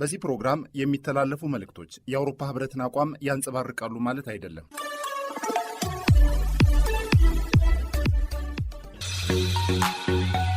በዚህ ፕሮግራም የሚተላለፉ መልእክቶች የአውሮፓ ህብረትን አቋም ያንጸባርቃሉ ማለት አይደለም። Thank you.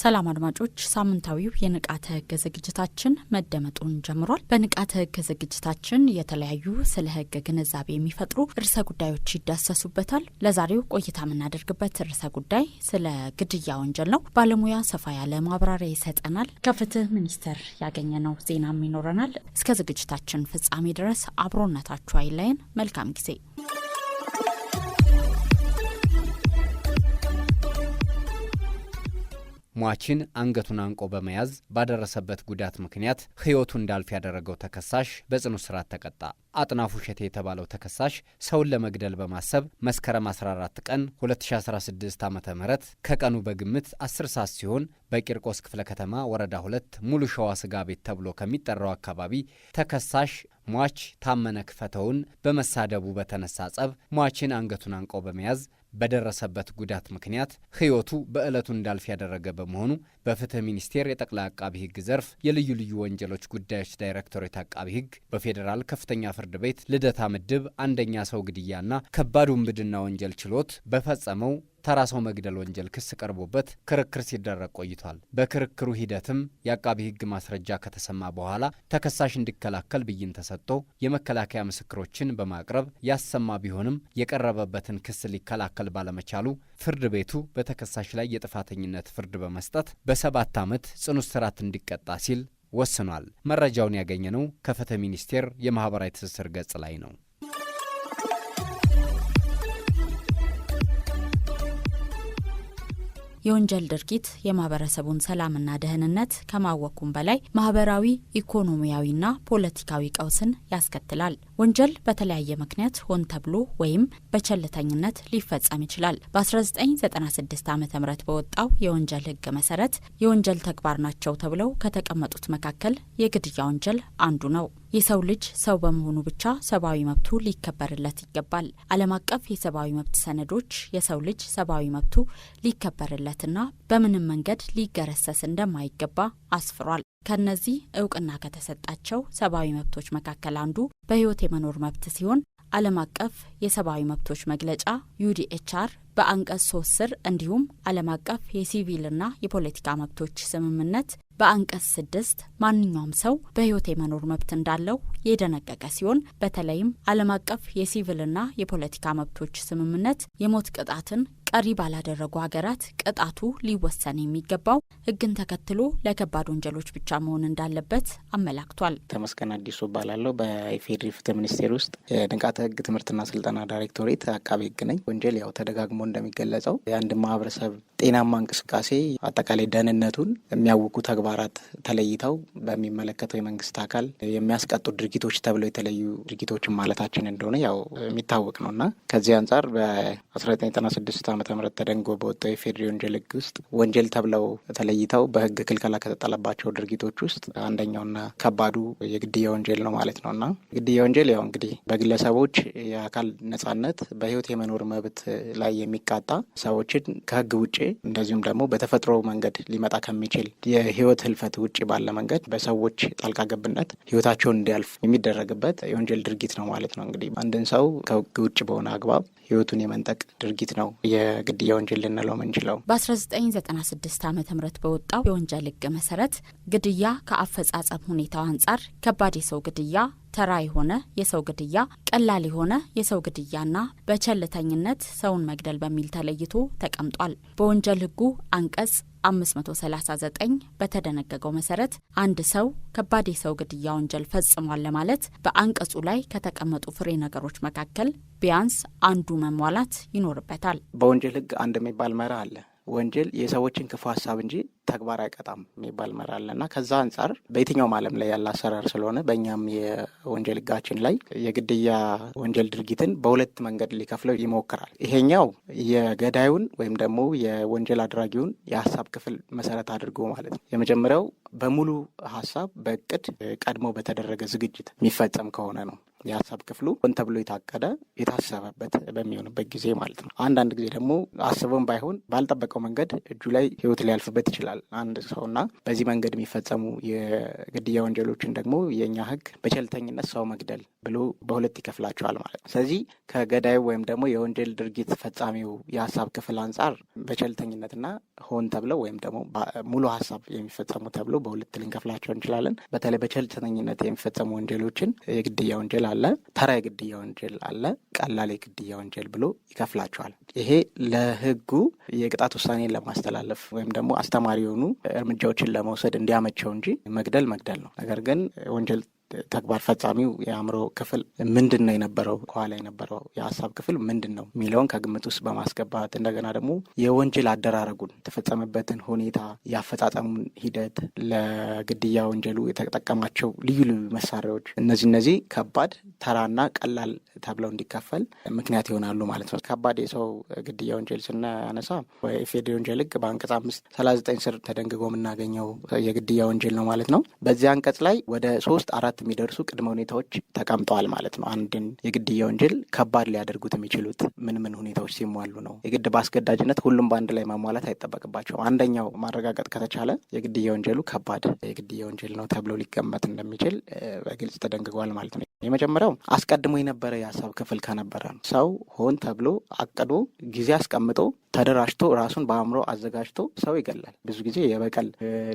ሰላም አድማጮች፣ ሳምንታዊው የንቃተ ህግ ዝግጅታችን መደመጡን ጀምሯል። በንቃተ ህግ ዝግጅታችን የተለያዩ ስለ ህግ ግንዛቤ የሚፈጥሩ ርዕሰ ጉዳዮች ይዳሰሱበታል። ለዛሬው ቆይታ የምናደርግበት ርዕሰ ጉዳይ ስለ ግድያ ወንጀል ነው። ባለሙያ ሰፋ ያለ ማብራሪያ ይሰጠናል። ከፍትህ ሚኒስቴር ያገኘነው ዜናም ይኖረናል። እስከ ዝግጅታችን ፍጻሜ ድረስ አብሮነታችሁ አይለየን። መልካም ጊዜ ሟችን አንገቱን አንቆ በመያዝ ባደረሰበት ጉዳት ምክንያት ሕይወቱ እንዳልፍ ያደረገው ተከሳሽ በጽኑ እስራት ተቀጣ። አጥናፉ እሸቴ የተባለው ተከሳሽ ሰውን ለመግደል በማሰብ መስከረም 14 ቀን 2016 ዓ ም ከቀኑ በግምት 10 ሰዓት ሲሆን በቂርቆስ ክፍለ ከተማ ወረዳ 2 ሙሉ ሸዋ ስጋ ቤት ተብሎ ከሚጠራው አካባቢ ተከሳሽ ሟች ታመነ ክፈተውን በመሳደቡ በተነሳ ጸብ ሟችን አንገቱን አንቆ በመያዝ በደረሰበት ጉዳት ምክንያት ሕይወቱ በዕለቱ እንዳልፍ ያደረገ በመሆኑ በፍትህ ሚኒስቴር የጠቅላይ አቃቢ ሕግ ዘርፍ የልዩ ልዩ ወንጀሎች ጉዳዮች ዳይሬክቶሬት አቃቢ ሕግ በፌዴራል ከፍተኛ ፍርድ ቤት ልደታ ምድብ አንደኛ ሰው ግድያና ከባድ ውንብድና ወንጀል ችሎት በፈጸመው ተራ ሰው መግደል ወንጀል ክስ ቀርቦበት ክርክር ሲደረግ ቆይቷል። በክርክሩ ሂደትም የአቃቢ ሕግ ማስረጃ ከተሰማ በኋላ ተከሳሽ እንዲከላከል ብይን ተሰጥቶ የመከላከያ ምስክሮችን በማቅረብ ያሰማ ቢሆንም የቀረበበትን ክስ ሊከላከል ባለመቻሉ ፍርድ ቤቱ በተከሳሽ ላይ የጥፋተኝነት ፍርድ በመስጠት በሰባት ዓመት ጽኑ እስራት እንዲቀጣ ሲል ወስኗል። መረጃውን ያገኘነው ከፍትህ ሚኒስቴር የማህበራዊ ትስስር ገጽ ላይ ነው። የወንጀል ድርጊት የማህበረሰቡን ሰላምና ደህንነት ከማወኩም በላይ ማህበራዊ፣ ኢኮኖሚያዊና ፖለቲካዊ ቀውስን ያስከትላል። ወንጀል በተለያየ ምክንያት ሆን ተብሎ ወይም በቸልተኝነት ሊፈጸም ይችላል። በ1996 ዓ ም በወጣው የወንጀል ህግ መሰረት የወንጀል ተግባር ናቸው ተብለው ከተቀመጡት መካከል የግድያ ወንጀል አንዱ ነው። የሰው ልጅ ሰው በመሆኑ ብቻ ሰብአዊ መብቱ ሊከበርለት ይገባል። ዓለም አቀፍ የሰብአዊ መብት ሰነዶች የሰው ልጅ ሰብአዊ መብቱ ሊከበርለትና በምንም መንገድ ሊገረሰስ እንደማይገባ አስፍሯል። ከነዚህ እውቅና ከተሰጣቸው ሰብአዊ መብቶች መካከል አንዱ በህይወት የመኖር መብት ሲሆን ዓለም አቀፍ የሰብአዊ መብቶች መግለጫ ዩዲኤችአር በአንቀጽ ሶስት ስር እንዲሁም ዓለም አቀፍ የሲቪልና የፖለቲካ መብቶች ስምምነት በአንቀጽ ስድስት ማንኛውም ሰው በሕይወት የመኖር መብት እንዳለው የደነቀቀ ሲሆን በተለይም ዓለም አቀፍ የሲቪልና የፖለቲካ መብቶች ስምምነት የሞት ቅጣትን ቀሪ ባላደረጉ ሀገራት ቅጣቱ ሊወሰን የሚገባው ሕግን ተከትሎ ለከባድ ወንጀሎች ብቻ መሆን እንዳለበት አመላክቷል። ተመስገን አዲሱ እባላለሁ። በኢፌዴሪ ፍትህ ሚኒስቴር ውስጥ የንቃተ ሕግ ትምህርትና ስልጠና ዳይሬክቶሬት አቃቤ ሕግ ነኝ። ወንጀል ያው ተደጋግሞ እንደሚገለጸው የአንድ ማህበረሰብ ጤናማ እንቅስቃሴ አጠቃላይ ደህንነቱን የሚያውቁ ተግባራት ተለይተው በሚመለከተው የመንግስት አካል የሚያስቀጡ ድርጊቶች ተብለው የተለዩ ድርጊቶችን ማለታችን እንደሆነ ያው የሚታወቅ ነው እና ከዚህ አንጻር በ1996 ዓ ም ተደንጎ በወጣው የፌዴሪ ወንጀል ህግ ውስጥ ወንጀል ተብለው ተለይተው በህግ ክልከላ ከተጠለባቸው ድርጊቶች ውስጥ አንደኛውና ከባዱ የግድያ ወንጀል ነው ማለት ነው እና ግድያ ወንጀል ያው እንግዲህ በግለሰቦች የአካል ነጻነት በህይወት የመኖር መብት ላይ የሚቃጣ ሰዎችን ከህግ ውጭ እንደዚሁም ደግሞ በተፈጥሮ መንገድ ሊመጣ ከሚችል የህይወት ህልፈት ውጭ ባለ መንገድ በሰዎች ጣልቃ ገብነት ህይወታቸውን እንዲያልፍ የሚደረግበት የወንጀል ድርጊት ነው ማለት ነው። እንግዲህ አንድን ሰው ከህግ ውጭ በሆነ አግባብ ህይወቱን የመንጠቅ ድርጊት ነው የግድያ ወንጀል ልንለው ምንችለው። በ1996 ዓ ም በወጣው የወንጀል ህግ መሰረት ግድያ ከአፈጻጸም ሁኔታው አንጻር ከባድ የሰው ግድያ ተራ የሆነ የሰው ግድያ፣ ቀላል የሆነ የሰው ግድያና በቸልተኝነት ሰውን መግደል በሚል ተለይቶ ተቀምጧል። በወንጀል ህጉ አንቀጽ 539 በተደነገገው መሰረት አንድ ሰው ከባድ የሰው ግድያ ወንጀል ፈጽሟል ለማለት በአንቀጹ ላይ ከተቀመጡ ፍሬ ነገሮች መካከል ቢያንስ አንዱ መሟላት ይኖርበታል። በወንጀል ህግ አንድ የሚባል መርህ አለ። ወንጀል የሰዎችን ክፉ ሀሳብ እንጂ ተግባር አይቀጣም የሚባል መራለ እና ከዛ አንጻር በየትኛውም ዓለም ላይ ያለ አሰራር ስለሆነ በእኛም የወንጀል ህጋችን ላይ የግድያ ወንጀል ድርጊትን በሁለት መንገድ ሊከፍለው ይሞክራል። ይሄኛው የገዳዩን ወይም ደግሞ የወንጀል አድራጊውን የሀሳብ ክፍል መሰረት አድርጎ ማለት ነው። የመጀመሪያው በሙሉ ሀሳብ በእቅድ ቀድሞ በተደረገ ዝግጅት የሚፈጸም ከሆነ ነው። የሀሳብ ክፍሉ ሆን ተብሎ የታቀደ የታሰበበት በሚሆንበት ጊዜ ማለት ነው። አንዳንድ ጊዜ ደግሞ አስበን ባይሆን ባልጠበቀው መንገድ እጁ ላይ ህይወት ሊያልፍበት ይችላል አንድ እና በዚህ መንገድ የሚፈጸሙ የግድያ ወንጀሎችን ደግሞ የእኛ ህግ በቸልተኝነት ሰው መግደል ብሎ በሁለት ይከፍላቸዋል ማለት ነው። ስለዚህ ከገዳዩ ወይም ደግሞ የወንጀል ድርጊት ፈጻሚው የሀሳብ ክፍል አንጻር በቸልተኝነትና ሆን ተብለው ወይም ደግሞ ሙሉ ሀሳብ የሚፈጸሙ ተብሎ በሁለት ልንከፍላቸው እንችላለን። በተለይ በቸልተኝነት የሚፈጸሙ ወንጀሎችን የግድያ ወንጀል አለ፣ ተራ የግድያ ወንጀል አለ፣ ቀላል የግድያ ወንጀል ብሎ ይከፍላቸዋል። ይሄ ለህጉ የቅጣት ውሳኔን ለማስተላለፍ ወይም ደግሞ አስተማሪ የሆኑ እርምጃዎችን ለመውሰድ እንዲያመቸው እንጂ መግደል መግደል ነው። ነገር ግን ወንጀል ተግባር ፈጻሚው የአእምሮ ክፍል ምንድን ነው የነበረው፣ ከኋላ የነበረው የሀሳብ ክፍል ምንድን ነው የሚለውን ከግምት ውስጥ በማስገባት እንደገና ደግሞ የወንጀል አደራረጉን የተፈጸመበትን ሁኔታ፣ የአፈጻጸሙን ሂደት፣ ለግድያ ወንጀሉ የተጠቀማቸው ልዩ ልዩ መሳሪያዎች፣ እነዚህ እነዚህ ከባድ ተራና ቀላል ተብለው እንዲከፈል ምክንያት ይሆናሉ ማለት ነው። ከባድ የሰው ግድያ ወንጀል ስናነሳ ኢፌዴሪ ወንጀል ህግ በአንቀጽ አምስት ሰላሳ ዘጠኝ ስር ተደንግጎ የምናገኘው የግድያ ወንጀል ነው ማለት ነው። በዚህ አንቀጽ ላይ ወደ ሶስት አራት ሁለት የሚደርሱ ቅድመ ሁኔታዎች ተቀምጠዋል ማለት ነው። አንድን የግድያ ወንጀል ከባድ ሊያደርጉት የሚችሉት ምን ምን ሁኔታዎች ሲሟሉ ነው? የግድ በአስገዳጅነት ሁሉም በአንድ ላይ ማሟላት አይጠበቅባቸውም። አንደኛው ማረጋገጥ ከተቻለ የግድያ ወንጀሉ ከባድ የግድያ ወንጀል ነው ተብሎ ሊገመት እንደሚችል በግልጽ ተደንግጓል ማለት ነው። የመጀመሪያው አስቀድሞ የነበረ የሀሳብ ክፍል ከነበረ ነው። ሰው ሆን ተብሎ አቅዶ ጊዜ አስቀምጦ ተደራጅቶ ራሱን በአእምሮ አዘጋጅቶ ሰው ይገላል። ብዙ ጊዜ የበቀል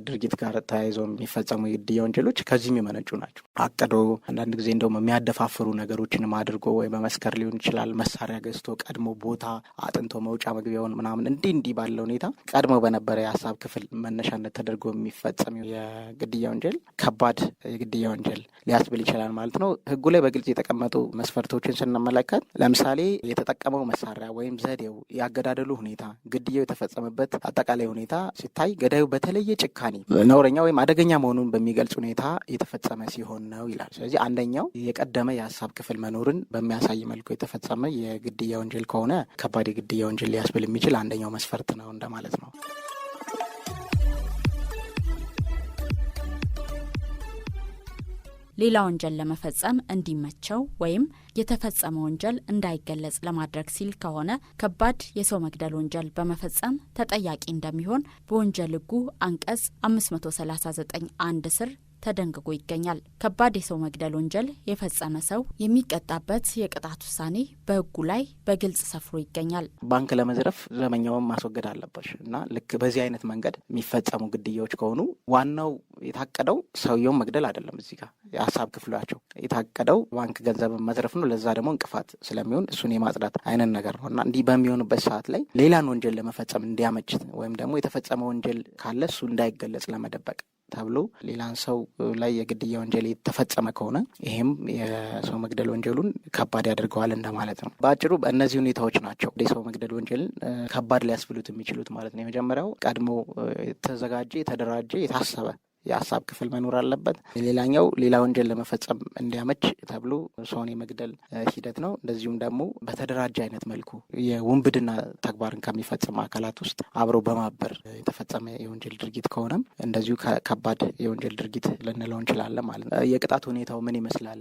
ድርጊት ጋር ተያይዘው የሚፈጸሙ የግድያ ወንጀሎች ከዚህም የመነጩ ናቸው። አቅዶ አንዳንድ ጊዜ እንደውም የሚያደፋፍሩ ነገሮችንም አድርጎ ወይ በመስከር ሊሆን ይችላል መሳሪያ ገዝቶ ቀድሞ ቦታ አጥንቶ መውጫ መግቢያውን ምናምን እንዲህ እንዲህ ባለ ሁኔታ ቀድሞ በነበረ የሀሳብ ክፍል መነሻነት ተደርጎ የሚፈጸም የግድያ ወንጀል ከባድ የግድያ ወንጀል ሊያስብል ይችላል ማለት ነው። ህጉ ላይ በግልጽ የተቀመጡ መስፈርቶችን ስንመለከት ለምሳሌ የተጠቀመው መሳሪያ ወይም ዘዴው ያገዳደሉ ሁኔታ፣ ግድያው የተፈጸመበት አጠቃላይ ሁኔታ ሲታይ ገዳዩ በተለየ ጭካኔ ነውረኛ ወይም አደገኛ መሆኑን በሚገልጽ ሁኔታ የተፈጸመ ሲሆን ነው ይላል። ስለዚህ አንደኛው የቀደመ የሀሳብ ክፍል መኖርን በሚያሳይ መልኩ የተፈጸመ የግድያ ወንጀል ከሆነ ከባድ የግድያ ወንጀል ሊያስብል የሚችል አንደኛው መስፈርት ነው እንደማለት ነው። ሌላ ወንጀል ለመፈጸም እንዲመቸው ወይም የተፈጸመ ወንጀል እንዳይገለጽ ለማድረግ ሲል ከሆነ ከባድ የሰው መግደል ወንጀል በመፈጸም ተጠያቂ እንደሚሆን በወንጀል ሕጉ አንቀጽ 539 አንድ ስር ተደንግጎ ይገኛል። ከባድ የሰው መግደል ወንጀል የፈጸመ ሰው የሚቀጣበት የቅጣት ውሳኔ በህጉ ላይ በግልጽ ሰፍሮ ይገኛል። ባንክ ለመዝረፍ ዘበኛውን ማስወገድ አለበች እና ልክ በዚህ አይነት መንገድ የሚፈጸሙ ግድያዎች ከሆኑ ዋናው የታቀደው ሰውየውን መግደል አይደለም። እዚህ ጋር የሀሳብ ክፍሏቸው የታቀደው ባንክ ገንዘብን መዝረፍ ነው። ለዛ ደግሞ እንቅፋት ስለሚሆን እሱን የማጽዳት አይነት ነገር ነው እና እንዲህ በሚሆንበት ሰዓት ላይ ሌላን ወንጀል ለመፈጸም እንዲያመች ወይም ደግሞ የተፈጸመ ወንጀል ካለ እሱ እንዳይገለጽ ለመደበቅ ተብሎ ሌላን ሰው ላይ የግድያ ወንጀል የተፈጸመ ከሆነ ይሄም የሰው መግደል ወንጀሉን ከባድ ያደርገዋል እንደማለት ነው። በአጭሩ እነዚህ ሁኔታዎች ናቸው የሰው መግደል ወንጀልን ከባድ ሊያስብሉት የሚችሉት ማለት ነው። የመጀመሪያው ቀድሞ የተዘጋጀ የተደራጀ የታሰበ የሀሳብ ክፍል መኖር አለበት። ሌላኛው ሌላ ወንጀል ለመፈጸም እንዲያመች ተብሎ ሰውን የመግደል ሂደት ነው። እንደዚሁም ደግሞ በተደራጀ አይነት መልኩ የውንብድና ተግባርን ከሚፈጽም አካላት ውስጥ አብሮ በማበር የተፈጸመ የወንጀል ድርጊት ከሆነም እንደዚሁ ከባድ የወንጀል ድርጊት ልንለው እንችላለን ማለት ነው። የቅጣት ሁኔታው ምን ይመስላል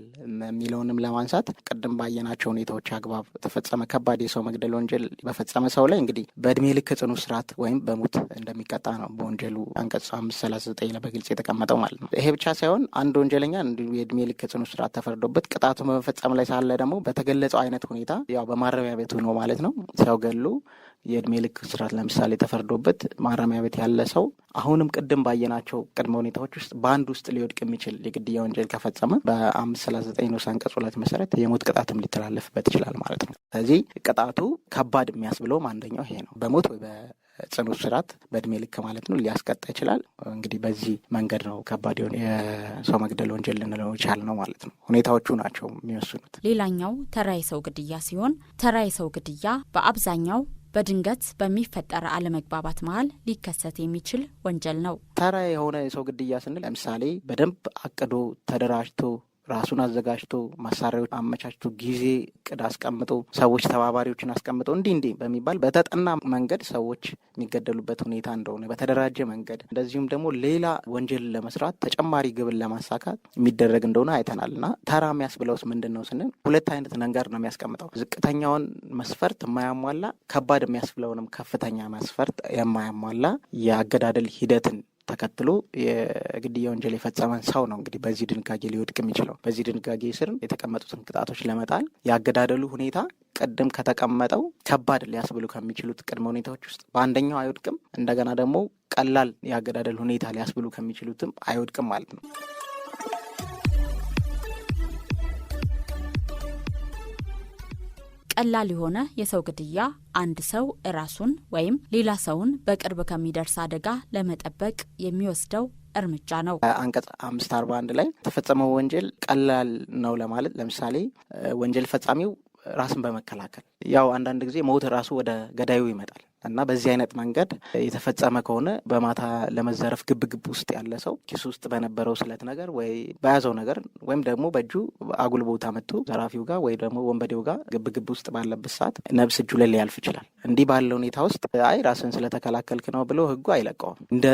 የሚለውንም ለማንሳት ቅድም ባየናቸው ሁኔታዎች አግባብ ተፈጸመ ከባድ የሰው መግደል ወንጀል በፈጸመ ሰው ላይ እንግዲህ በእድሜ ልክ ጽኑ እስራት ወይም በሞት እንደሚቀጣ ነው በወንጀሉ አንቀጽ አምስት ሰላሳ ዘጠኝ ላይ በግልጽ የተቀመጠው ማለት ነው። ይሄ ብቻ ሳይሆን አንድ ወንጀለኛ እንዲሁ የእድሜ ልክ ጽኑ እስራት ተፈርዶበት ቅጣቱ በመፈጸም ላይ ሳለ ደግሞ በተገለጸው አይነት ሁኔታ ያው በማረሚያ ቤቱ ነው ማለት ነው ሰው ገሉ የእድሜ ልክ እስራት ለምሳሌ ተፈርዶበት ማረሚያ ቤት ያለ ሰው አሁንም ቅድም ባየናቸው ቅድመ ሁኔታዎች ውስጥ በአንድ ውስጥ ሊወድቅ የሚችል የግድያ ወንጀል ከፈጸመ በአምስት ሰላሳ ዘጠኝ ንዑስ አንቀጽ ሁለት መሰረት የሞት ቅጣትም ሊተላለፍበት ይችላል ማለት ነው። ስለዚህ ቅጣቱ ከባድ የሚያስብለውም አንደኛው ይሄ ነው። በሞት ወይ ጽኑ ስራት በእድሜ ልክ ማለት ነው ሊያስቀጣ ይችላል። እንግዲህ በዚህ መንገድ ነው ከባድ የሆነ የሰው መግደል ወንጀል ልንለው ይቻል ነው ማለት ነው። ሁኔታዎቹ ናቸው የሚወስኑት። ሌላኛው ተራ የሰው ግድያ ሲሆን ተራ የሰው ግድያ በአብዛኛው በድንገት በሚፈጠር አለመግባባት መሀል ሊከሰት የሚችል ወንጀል ነው። ተራ የሆነ የሰው ግድያ ስንል ለምሳሌ በደንብ አቅዶ ተደራጅቶ ራሱን አዘጋጅቶ መሳሪያዎች አመቻችቶ ጊዜ ቅድ አስቀምጦ ሰዎች ተባባሪዎችን አስቀምጦ እንዲህ እንዲህ በሚባል በተጠና መንገድ ሰዎች የሚገደሉበት ሁኔታ እንደሆነ በተደራጀ መንገድ እንደዚሁም ደግሞ ሌላ ወንጀል ለመስራት ተጨማሪ ግብን ለማሳካት የሚደረግ እንደሆነ አይተናል እና ተራ የሚያስብለውስ ምንድን ነው ስንል ሁለት አይነት ነገር ነው የሚያስቀምጠው። ዝቅተኛውን መስፈርት የማያሟላ ከባድ የሚያስብለውንም ከፍተኛ መስፈርት የማያሟላ የአገዳደል ሂደትን ተከትሎ የግድያ ወንጀል የፈጸመን ሰው ነው እንግዲህ በዚህ ድንጋጌ ሊወድቅ የሚችለው። በዚህ ድንጋጌ ስር የተቀመጡትን ቅጣቶች ለመጣል የአገዳደሉ ሁኔታ ቅድም ከተቀመጠው ከባድ ሊያስብሉ ከሚችሉት ቅድመ ሁኔታዎች ውስጥ በአንደኛው አይወድቅም። እንደገና ደግሞ ቀላል የአገዳደል ሁኔታ ሊያስብሉ ከሚችሉትም አይወድቅም ማለት ነው። ቀላል የሆነ የሰው ግድያ አንድ ሰው ራሱን ወይም ሌላ ሰውን በቅርብ ከሚደርስ አደጋ ለመጠበቅ የሚወስደው እርምጃ ነው። አንቀጽ አምስት አርባ አንድ ላይ የተፈጸመው ወንጀል ቀላል ነው ለማለት ለምሳሌ ወንጀል ፈጻሚው ራስን በመከላከል ያው አንዳንድ ጊዜ ሞት ራሱ ወደ ገዳዩ ይመጣል እና በዚህ አይነት መንገድ የተፈጸመ ከሆነ በማታ ለመዘረፍ ግብግብ ውስጥ ያለ ሰው ኪስ ውስጥ በነበረው ስለት ነገር ወይ በያዘው ነገር ወይም ደግሞ በእጁ አጉል ቦታ መጥቶ ዘራፊው ጋር ወይ ደግሞ ወንበዴው ጋር ግብግብ ውስጥ ባለበት ሰዓት ነብስ እጁ ላይ ሊያልፍ ይችላል። እንዲህ ባለ ሁኔታ ውስጥ አይ ራስን ስለተከላከልክ ነው ብሎ ህጉ አይለቀውም። እንደ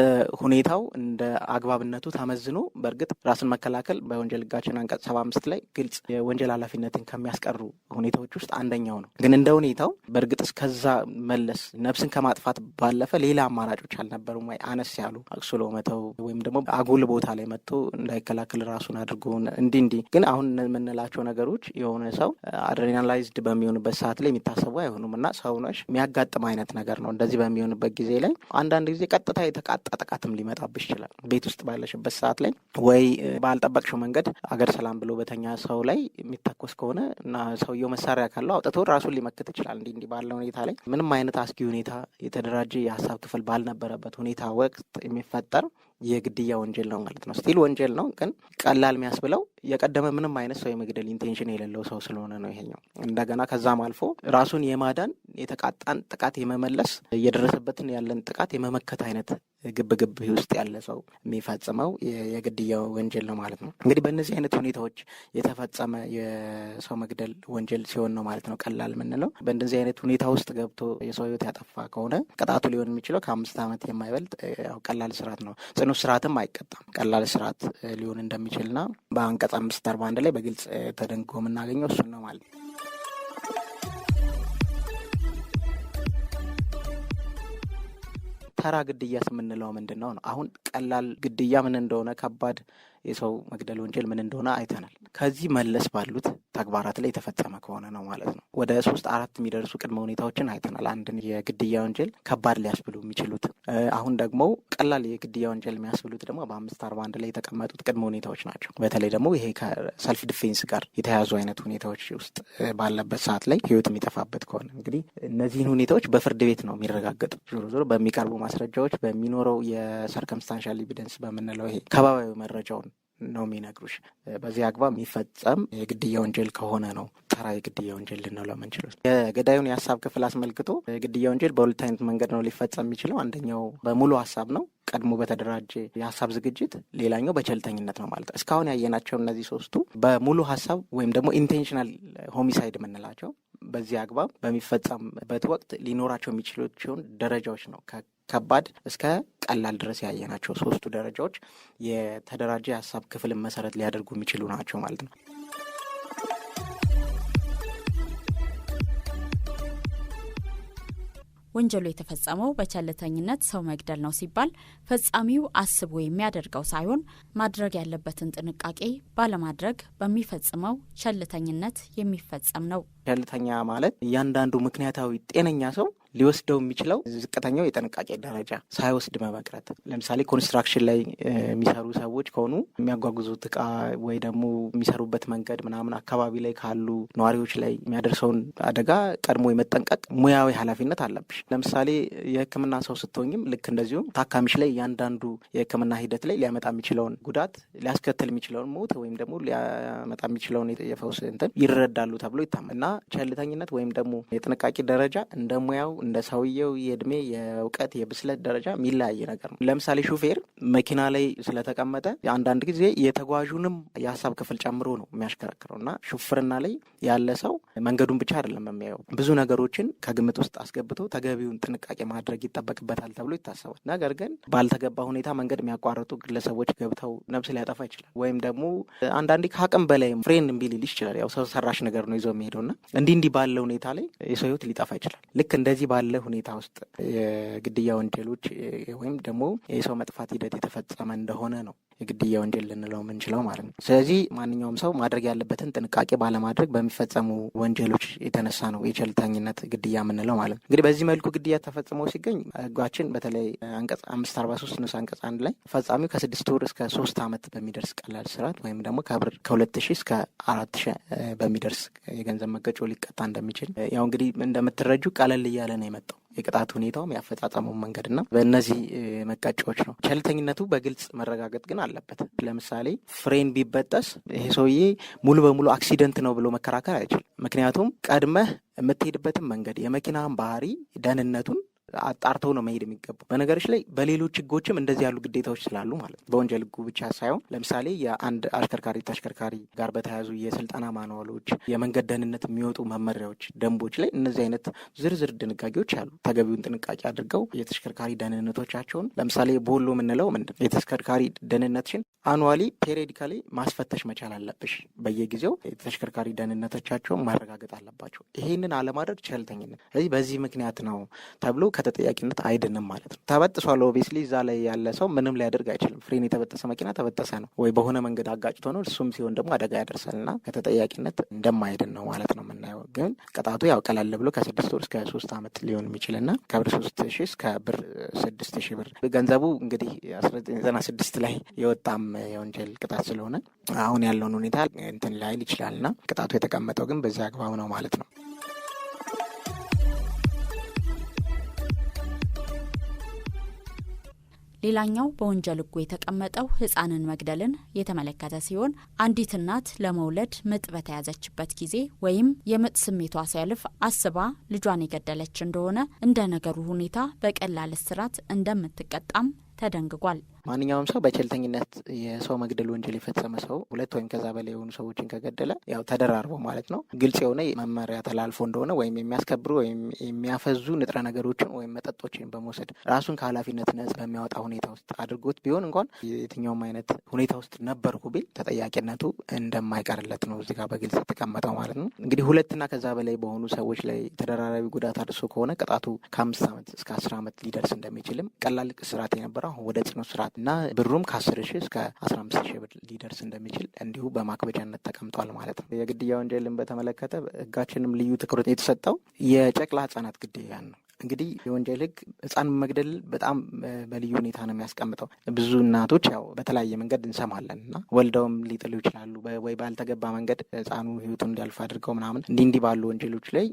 ሁኔታው እንደ አግባብነቱ ተመዝኖ በእርግጥ ራስን መከላከል በወንጀል ህጋችን አንቀጽ ሰባ አምስት ላይ ግልጽ የወንጀል ኃላፊነትን ከሚያስቀሩ ሁኔታዎች ውስጥ አንደኛው ነው። ግን እንደ ሁኔታው በእርግጥ እስከዛ መለስ ነብስ ነፍስን ከማጥፋት ባለፈ ሌላ አማራጮች አልነበሩም ወይ? አነስ ያሉ አቅሱሎ መተው ወይም ደግሞ አጉል ቦታ ላይ መጥቶ እንዳይከላከል ራሱን አድርጎ እንዲህ እንዲህ። ግን አሁን የምንላቸው ነገሮች የሆነ ሰው አድሬናላይዝድ በሚሆንበት ሰዓት ላይ የሚታሰቡ አይሆኑም እና ሰውነሽ የሚያጋጥም አይነት ነገር ነው። እንደዚህ በሚሆንበት ጊዜ ላይ አንዳንድ ጊዜ ቀጥታ የተቃጣ ጥቃትም ሊመጣብሽ ይችላል። ቤት ውስጥ ባለሽበት ሰዓት ላይ ወይ ባልጠበቅሽው መንገድ አገር ሰላም ብሎ በተኛ ሰው ላይ የሚተኮስ ከሆነ እና ሰውየው መሳሪያ ካለው አውጥቶ ራሱን ሊመክት ይችላል። እንዲህ እንዲህ ባለ ሁኔታ ላይ ምንም አይነት አስጊ ሁኔታ ሁኔታ የተደራጀ የሀሳብ ክፍል ባልነበረበት ሁኔታ ወቅት የሚፈጠር የግድያ ወንጀል ነው ማለት ነው። ስቲል ወንጀል ነው፣ ግን ቀላል የሚያስብለው የቀደመ ምንም አይነት ሰው የመግደል ኢንቴንሽን የሌለው ሰው ስለሆነ ነው ይሄኛው። እንደገና ከዛም አልፎ ራሱን የማዳን የተቃጣን ጥቃት የመመለስ እየደረሰበትን ያለን ጥቃት የመመከት አይነት ግብግብ ውስጥ ያለ ሰው የሚፈጽመው የግድያ ወንጀል ነው ማለት ነው። እንግዲህ በእነዚህ አይነት ሁኔታዎች የተፈጸመ የሰው መግደል ወንጀል ሲሆን ነው ማለት ነው ቀላል የምንለው። በእንደዚህ አይነት ሁኔታ ውስጥ ገብቶ የሰው ሕይወት ያጠፋ ከሆነ ቅጣቱ ሊሆን የሚችለው ከአምስት ዓመት የማይበልጥ ያው ቀላል ስርዓት ነው። ጽኑ ስርዓትም አይቀጣም። ቀላል ስርዓት ሊሆን እንደሚችልና በአንቀ አንቀጽ አምስት አርባ አንድ ላይ በግልጽ ተደንግጎ የምናገኘው እሱን ነው ማለት ነው። ተራ ግድያስ የምንለው ምንድን ነው ነው? አሁን ቀላል ግድያ ምን እንደሆነ ከባድ የሰው መግደል ወንጀል ምን እንደሆነ አይተናል። ከዚህ መለስ ባሉት ተግባራት ላይ የተፈጸመ ከሆነ ነው ማለት ነው። ወደ ሶስት አራት የሚደርሱ ቅድመ ሁኔታዎችን አይተናል። አንድን የግድያ ወንጀል ከባድ ሊያስብሉ የሚችሉት አሁን ደግሞ ቀላል የግድያ ወንጀል የሚያስብሉት ደግሞ በአምስት አርባ አንድ ላይ የተቀመጡት ቅድመ ሁኔታዎች ናቸው። በተለይ ደግሞ ይሄ ከሰልፍ ዲፌንስ ጋር የተያዙ አይነት ሁኔታዎች ውስጥ ባለበት ሰዓት ላይ ህይወት የሚጠፋበት ከሆነ እንግዲህ እነዚህን ሁኔታዎች በፍርድ ቤት ነው የሚረጋገጡ። ዞሮ ዞሮ በሚቀርቡ ማስረጃዎች በሚኖረው የሰርከምስታንሻል ኤቪደንስ በምንለው ይሄ ከባባዊ መረጃውን ነው የሚነግሩሽ። በዚህ አግባብ የሚፈጸም የግድያ ወንጀል ከሆነ ነው ተራ የግድያ ወንጀል ልንለው የምንችለው። የገዳዩን የሀሳብ ክፍል አስመልክቶ የግድያ ወንጀል በሁለት አይነት መንገድ ነው ሊፈጸም የሚችለው። አንደኛው በሙሉ ሀሳብ ነው ቀድሞ በተደራጀ የሀሳብ ዝግጅት፣ ሌላኛው በቸልተኝነት ነው ማለት ነው። እስካሁን ያየናቸው እነዚህ ሶስቱ በሙሉ ሀሳብ ወይም ደግሞ ኢንቴንሽናል ሆሚሳይድ የምንላቸው በዚህ አግባብ በሚፈጸምበት ወቅት ሊኖራቸው የሚችሉ ደረጃዎች ነው ከባድ እስከ ቀላል ድረስ ናቸው። ሶስቱ ደረጃዎች የተደራጀ የሀሳብ ክፍልን መሰረት ሊያደርጉ የሚችሉ ናቸው ማለት ነው። ወንጀሉ የተፈጸመው በቸልተኝነት ሰው መግደል ነው ሲባል ፈጻሚው አስቦ የሚያደርገው ሳይሆን ማድረግ ያለበትን ጥንቃቄ ባለማድረግ በሚፈጽመው ቸልተኝነት የሚፈጸም ነው። ቸልተኛ ማለት እያንዳንዱ ምክንያታዊ ጤነኛ ሰው ሊወስደው የሚችለው ዝቅተኛው የጥንቃቄ ደረጃ ሳይወስድ መመቅረት። ለምሳሌ ኮንስትራክሽን ላይ የሚሰሩ ሰዎች ከሆኑ የሚያጓጉዙት እቃ ወይ ደግሞ የሚሰሩበት መንገድ ምናምን አካባቢ ላይ ካሉ ነዋሪዎች ላይ የሚያደርሰውን አደጋ ቀድሞ የመጠንቀቅ ሙያዊ ኃላፊነት አለብሽ። ለምሳሌ የሕክምና ሰው ስትሆኝም ልክ እንደዚሁም ታካሚሽ ላይ እያንዳንዱ የሕክምና ሂደት ላይ ሊያመጣ የሚችለውን ጉዳት ሊያስከትል የሚችለውን ሞት ወይም ደግሞ ሊያመጣ የሚችለውን የፈውስ እንትን ይረዳሉ ተብሎ ይታመ እና ቸልተኝነት ወይም ደግሞ የጥንቃቄ ደረጃ እንደ ሙያው እንደ ሰውየው የእድሜ የእውቀት የብስለት ደረጃ የሚለያይ ነገር ነው። ለምሳሌ ሹፌር መኪና ላይ ስለተቀመጠ አንዳንድ ጊዜ የተጓዡንም የሀሳብ ክፍል ጨምሮ ነው የሚያሽከረክረው እና ሹፍርና ላይ ያለ ሰው መንገዱን ብቻ አይደለም የሚያየው፣ ብዙ ነገሮችን ከግምት ውስጥ አስገብቶ ተገቢውን ጥንቃቄ ማድረግ ይጠበቅበታል ተብሎ ይታሰባል። ነገር ግን ባልተገባ ሁኔታ መንገድ የሚያቋርጡ ግለሰቦች ገብተው ነብስ ሊያጠፋ ይችላል። ወይም ደግሞ አንዳንዴ ከአቅም በላይ ፍሬን ቢልል ይችላል። ያው ሰው ሰራሽ ነገር ነው ይዞ የሚሄደውና እንዲህ እንዲህ ባለ ሁኔታ ላይ የሰው ህይወት ሊጠፋ ይችላል። ልክ እንደዚህ ባለ ሁኔታ ውስጥ የግድያ ወንጀሎች ወይም ደግሞ የሰው መጥፋት ሂደት የተፈጸመ እንደሆነ ነው ግድያ ወንጀል ልንለው የምንችለው ማለት ነው። ስለዚህ ማንኛውም ሰው ማድረግ ያለበትን ጥንቃቄ ባለማድረግ በሚፈጸሙ ወንጀሎች የተነሳ ነው የቸልተኝነት ግድያ የምንለው ማለት ነው። እንግዲህ በዚህ መልኩ ግድያ ተፈጽሞ ሲገኝ ህጓችን በተለይ አንቀጽ አምስት አርባ ሶስት ንዑስ አንቀጽ አንድ ላይ ፈጻሚው ከስድስት ወር እስከ ሶስት ዓመት በሚደርስ ቀላል ስርዓት ወይም ደግሞ ከብር ከሁለት ሺህ እስከ አራት ሺህ በሚደርስ የገንዘብ መቀጮ ሊቀጣ እንደሚችል ያው እንግዲህ እንደምትረጁ ቀለል እያለ ነው የመጣው የቅጣት ሁኔታውም ያፈጻጸሙን መንገድና በእነዚህ መቀጫዎች ነው። ቸልተኝነቱ በግልጽ መረጋገጥ ግን አለበት። ለምሳሌ ፍሬን ቢበጠስ ይሄ ሰውዬ ሙሉ በሙሉ አክሲደንት ነው ብሎ መከራከር አይችልም። ምክንያቱም ቀድመህ የምትሄድበትን መንገድ የመኪናን ባህሪ ደህንነቱን አጣርተው ነው መሄድ የሚገቡ በነገሮች ላይ በሌሎች ህጎችም እንደዚህ ያሉ ግዴታዎች ስላሉ ማለት ነው። በወንጀል ህጉ ብቻ ሳይሆን ለምሳሌ የአንድ አሽከርካሪ ተሽከርካሪ ጋር በተያያዙ የስልጠና ማንዋሎች፣ የመንገድ ደህንነት የሚወጡ መመሪያዎች፣ ደንቦች ላይ እነዚህ አይነት ዝርዝር ድንጋጌዎች አሉ። ተገቢውን ጥንቃቄ አድርገው የተሽከርካሪ ደህንነቶቻቸውን ለምሳሌ ቦሎ የምንለው ምንድን ነው የተሽከርካሪ ደህንነትሽን አኑዋሊ ፔሪዮዲካሊ ማስፈተሽ መቻል አለብሽ። በየጊዜው የተሽከርካሪ ደህንነቶቻቸውን ማረጋገጥ አለባቸው። ይሄንን አለማድረግ ቸልተኝነት። ስለዚህ በዚህ ምክንያት ነው ተብሎ ከተጠያቂነት አይድንም ማለት ነው። ተበጥሷል። ኦቪስሊ እዛ ላይ ያለ ሰው ምንም ሊያደርግ አይችልም። ፍሬን የተበጠሰ መኪና ተበጠሰ ነው ወይ በሆነ መንገድ አጋጭቶ ነው። እሱም ሲሆን ደግሞ አደጋ ያደርሳል እና ከተጠያቂነት እንደማይድን ነው ማለት ነው የምናየው። ግን ቅጣቱ ያው ቀላል ብሎ ከስድስት ወር እስከ ሶስት ዓመት ሊሆን የሚችል እና ከብር ሶስት ሺ እስከ ብር ስድስት ሺ ብር ገንዘቡ እንግዲህ አስራ ዘጠኝ ዘጠና ስድስት ላይ የወጣም የወንጀል ቅጣት ስለሆነ አሁን ያለውን ሁኔታ እንትን ላይል ይችላል እና ቅጣቱ የተቀመጠው ግን በዚያ አግባብ ነው ማለት ነው። ሌላኛው በወንጀል ሕጉ የተቀመጠው ህጻንን መግደልን የተመለከተ ሲሆን አንዲት እናት ለመውለድ ምጥ በተያዘችበት ጊዜ ወይም የምጥ ስሜቷ ሲያልፍ አስባ ልጇን የገደለች እንደሆነ እንደ ነገሩ ሁኔታ በቀላል እስራት እንደምትቀጣም ተደንግጓል። ማንኛውም ሰው በቸልተኝነት የሰው መግደል ወንጀል የፈጸመ ሰው ሁለት ወይም ከዛ በላይ የሆኑ ሰዎችን ከገደለ ያው ተደራርቦ ማለት ነው ግልጽ የሆነ መመሪያ ተላልፎ እንደሆነ ወይም የሚያስከብሩ ወይም የሚያፈዙ ንጥረ ነገሮችን ወይም መጠጦችን በመውሰድ ራሱን ከኃላፊነት ነጻ በሚያወጣ ሁኔታ ውስጥ አድርጎት ቢሆን እንኳን የትኛውም አይነት ሁኔታ ውስጥ ነበርኩ ቢል ተጠያቂነቱ እንደማይቀርለት ነው እዚህ ጋር በግልጽ የተቀመጠው ማለት ነው። እንግዲህ ሁለትና ከዛ በላይ በሆኑ ሰዎች ላይ ተደራራቢ ጉዳት አድርሶ ከሆነ ቅጣቱ ከአምስት ዓመት እስከ አስር ዓመት ሊደርስ እንደሚችልም ቀላል እስራት የነበረው ወደ ጽኑ እስራት እና ብሩም ከአስር ሺህ እስከ አስራ አምስት ሺህ ብር ሊደርስ እንደሚችል እንዲሁ በማክበጃነት ተቀምጧል ማለት ነው። የግድያ ወንጀልን በተመለከተ ህጋችንም ልዩ ትኩረት የተሰጠው የጨቅላ ህጻናት ግድያን ነው። እንግዲህ የወንጀል ህግ ህፃን መግደል በጣም በልዩ ሁኔታ ነው የሚያስቀምጠው። ብዙ እናቶች ያው በተለያየ መንገድ እንሰማለን እና ወልደውም ሊጥሉ ይችላሉ ወይ ባልተገባ መንገድ ህፃኑ ህይወቱ እንዲያልፍ አድርገው ምናምን እንዲህ እንዲህ ባሉ ወንጀሎች ላይ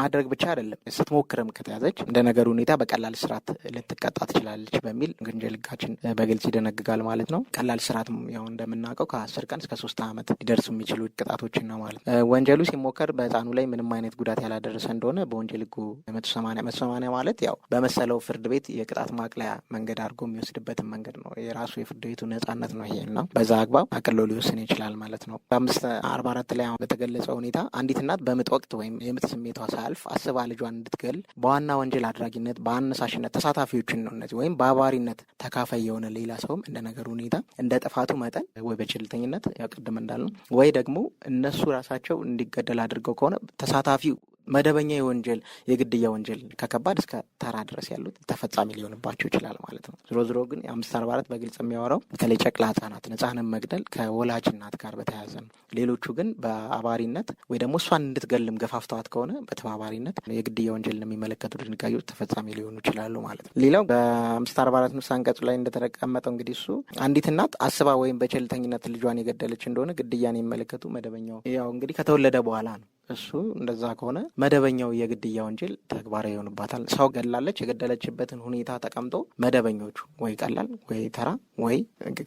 ማድረግ ብቻ አይደለም ስትሞክርም ከተያዘች እንደ ነገሩ ሁኔታ በቀላል ስርዓት ልትቀጣ ትችላለች በሚል ወንጀል ህጋችን በግልጽ ይደነግጋል ማለት ነው። ቀላል ስርዓት ያው እንደምናውቀው ከአስር ቀን እስከ ሶስት ዓመት ሊደርሱ የሚችሉ ቅጣቶችን ነው ማለት ነው። ወንጀሉ ሲሞከር በህፃኑ ላይ ምንም አይነት ጉዳት ያላደረሰ እንደሆነ በወንጀል ህጉ መቶ ሰማንያ ሰማንያ ማለት ያው በመሰለው ፍርድ ቤት የቅጣት ማቅለያ መንገድ አድርጎ የሚወስድበትን መንገድ ነው። የራሱ የፍርድ ቤቱ ነጻነት ነው ይሄ እና በዛ አግባብ አቅሎ ሊወስን ይችላል ማለት ነው። በአምስት አርባ አራት ላይ በተገለጸ ሁኔታ አንዲት እናት በምጥ ወቅት ወይም የምጥ ስሜቷ ሳያልፍ አስባ ልጇን እንድትገል በዋና ወንጀል አድራጊነት፣ በአነሳሽነት ተሳታፊዎችን ነው እነዚህ ወይም በአባሪነት ተካፋይ የሆነ ሌላ ሰውም እንደ ነገሩ ሁኔታ እንደ ጥፋቱ መጠን ወይ በችልተኝነት ያው ቅድም እንዳልነው ወይ ደግሞ እነሱ ራሳቸው እንዲገደል አድርገው ከሆነ ተሳታፊው መደበኛ የወንጀል የግድያ ወንጀል ከከባድ እስከ ተራ ድረስ ያሉት ተፈጻሚ ሊሆንባቸው ይችላል ማለት ነው። ዝሮ ዝሮ ግን አምስት አርባ አራት በግልጽ የሚያወራው በተለይ ጨቅላ ህጻናት ህጻንን መግደል ከወላጅ እናት ጋር በተያያዘ ነው። ሌሎቹ ግን በአባሪነት ወይ ደግሞ እሷን እንድትገልም ገፋፍተዋት ከሆነ በተባባሪነት የግድያ ወንጀል የሚመለከቱ ድንጋጌዎች ተፈጻሚ ሊሆኑ ይችላሉ ማለት ነው። ሌላው በአምስት አርባ አራት ንዑስ አንቀጹ ላይ እንደተቀመጠው እንግዲህ እሱ አንዲት እናት አስባ ወይም በቸልተኝነት ልጇን የገደለች እንደሆነ ግድያን የሚመለከቱ መደበኛው ያው እንግዲህ ከተወለደ በኋላ ነው እሱ እንደዛ ከሆነ መደበኛው የግድያ ወንጀል ተግባራዊ ይሆንባታል። ሰው ገላለች። የገደለችበትን ሁኔታ ተቀምጦ መደበኞቹ ወይ ቀላል ወይ ተራ ወይ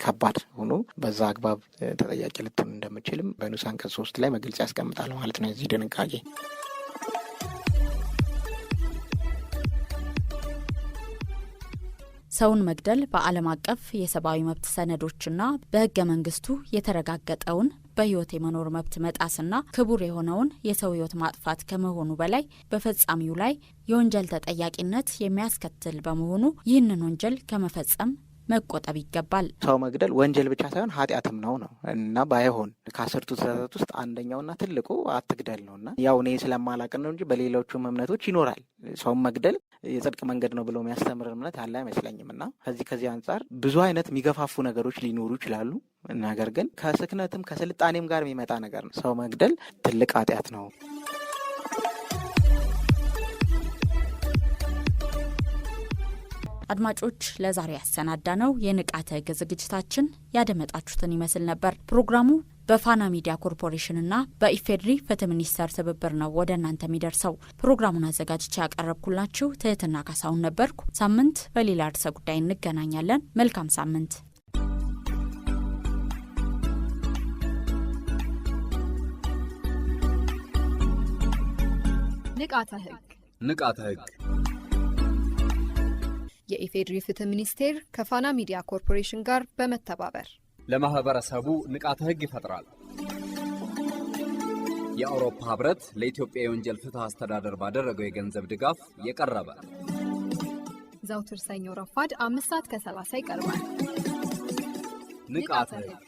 ከባድ ሆኖ በዛ አግባብ ተጠያቂ ልትሆን እንደምችልም በንዑስ አንቀጽ ሶስት ላይ በግልጽ ያስቀምጣል ማለት ነው የዚህ ድንጋጌ። ሰውን መግደል በዓለም አቀፍ የሰብአዊ መብት ሰነዶችና በህገ መንግስቱ የተረጋገጠውን በህይወት የመኖር መብት መጣስና ክቡር የሆነውን የሰው ህይወት ማጥፋት ከመሆኑ በላይ በፈጻሚው ላይ የወንጀል ተጠያቂነት የሚያስከትል በመሆኑ ይህንን ወንጀል ከመፈጸም መቆጠብ ይገባል። ሰው መግደል ወንጀል ብቻ ሳይሆን ኃጢአትም ነው ነው እና ባይሆን ከአስርቱ ትእዛዛት ውስጥ አንደኛውና ትልቁ አትግደል ነው እና ያው እኔ ስለማላቅ ነው እንጂ በሌሎቹም እምነቶች ይኖራል። ሰው መግደል የጽድቅ መንገድ ነው ብሎ የሚያስተምር እምነት ያለ አይመስለኝም እና ከዚህ ከዚህ አንጻር ብዙ አይነት የሚገፋፉ ነገሮች ሊኖሩ ይችላሉ። ነገር ግን ከስክነትም ከስልጣኔም ጋር የሚመጣ ነገር ነው። ሰው መግደል ትልቅ ኃጢአት ነው። አድማጮች ለዛሬ ያሰናዳ ነው የንቃተ ህግ ዝግጅታችን ያደመጣችሁትን ይመስል ነበር። ፕሮግራሙ በፋና ሚዲያ ኮርፖሬሽንና በኢፌድሪ ፍትህ ሚኒስቴር ትብብር ነው ወደ እናንተ የሚደርሰው። ፕሮግራሙን አዘጋጅቼ ያቀረብኩላችሁ ትህትና ካሳሁን ነበርኩ። ሳምንት በሌላ ርዕሰ ጉዳይ እንገናኛለን። መልካም ሳምንት። ንቃተ ህግ ንቃተ ህግ የኢፌዴሪ ፍትህ ሚኒስቴር ከፋና ሚዲያ ኮርፖሬሽን ጋር በመተባበር ለማህበረሰቡ ንቃተ ህግ ይፈጥራል። የአውሮፓ ህብረት ለኢትዮጵያ የወንጀል ፍትህ አስተዳደር ባደረገው የገንዘብ ድጋፍ የቀረበ ዘውትር ሰኞ ረፋድ አምስት ሰዓት ከሰላሳ ይቀርባል። ንቃተ ህግ